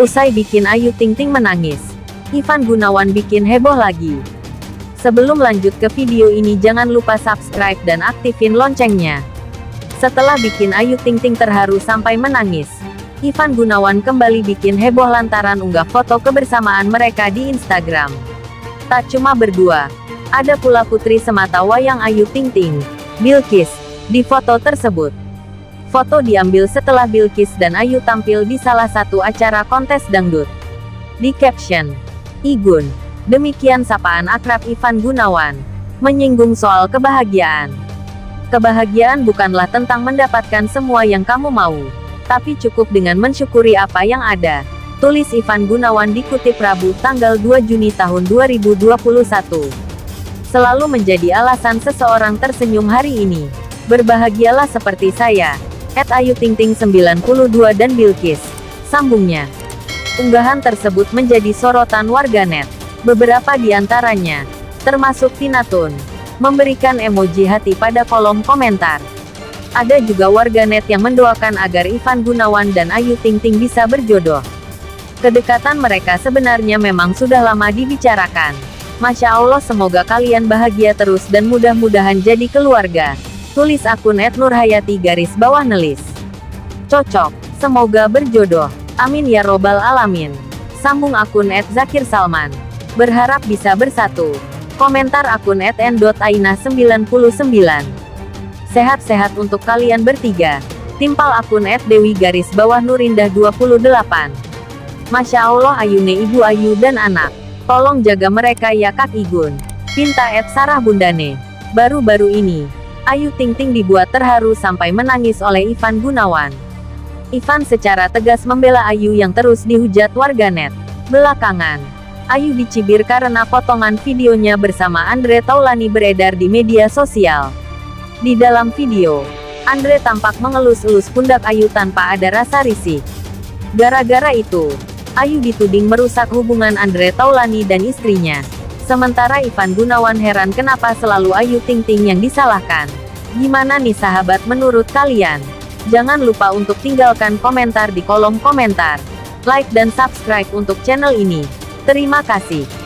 Usai bikin Ayu Ting Ting menangis, Ivan Gunawan bikin heboh lagi. Sebelum lanjut ke video ini jangan lupa subscribe dan aktifin loncengnya. Setelah bikin Ayu Ting Ting terharu sampai menangis, Ivan Gunawan kembali bikin heboh lantaran unggah foto kebersamaan mereka di Instagram. Tak cuma berdua, ada pula putri semata wayang Ayu Ting Ting, Bilkis, di foto tersebut. Foto diambil setelah Bilkis dan Ayu tampil di salah satu acara kontes dangdut. Di caption, Igun, demikian sapaan akrab Ivan Gunawan, menyinggung soal kebahagiaan. Kebahagiaan bukanlah tentang mendapatkan semua yang kamu mau, tapi cukup dengan mensyukuri apa yang ada. Tulis Ivan Gunawan dikutip Rabu tanggal 2 Juni tahun 2021. Selalu menjadi alasan seseorang tersenyum hari ini. Berbahagialah seperti saya at Ayu Ting Ting 92 dan Bilkis. Sambungnya. Unggahan tersebut menjadi sorotan warganet. Beberapa di antaranya, termasuk Tina Tinatun, memberikan emoji hati pada kolom komentar. Ada juga warganet yang mendoakan agar Ivan Gunawan dan Ayu Ting Ting bisa berjodoh. Kedekatan mereka sebenarnya memang sudah lama dibicarakan. Masya Allah semoga kalian bahagia terus dan mudah-mudahan jadi keluarga. Tulis akun @nurhayati garis bawah nelis. Cocok, semoga berjodoh. Amin ya robbal alamin. Sambung akun @zakir salman. Berharap bisa bersatu. Komentar akun @n.aina99. Sehat-sehat untuk kalian bertiga. Timpal akun @dewi garis bawah nurindah 28. Masya Allah Ayune Ibu Ayu dan anak. Tolong jaga mereka ya Kak Igun. Pinta et Sarah Bundane. Baru-baru ini, Ayu Ting Ting dibuat terharu sampai menangis oleh Ivan Gunawan. Ivan secara tegas membela Ayu yang terus dihujat warganet. Belakangan, Ayu dicibir karena potongan videonya bersama Andre Taulani beredar di media sosial. Di dalam video, Andre tampak mengelus-elus pundak Ayu tanpa ada rasa risih. Gara-gara itu, Ayu dituding merusak hubungan Andre Taulani dan istrinya. Sementara Ivan Gunawan heran kenapa selalu Ayu Ting Ting yang disalahkan. Gimana nih sahabat menurut kalian? Jangan lupa untuk tinggalkan komentar di kolom komentar. Like dan subscribe untuk channel ini. Terima kasih.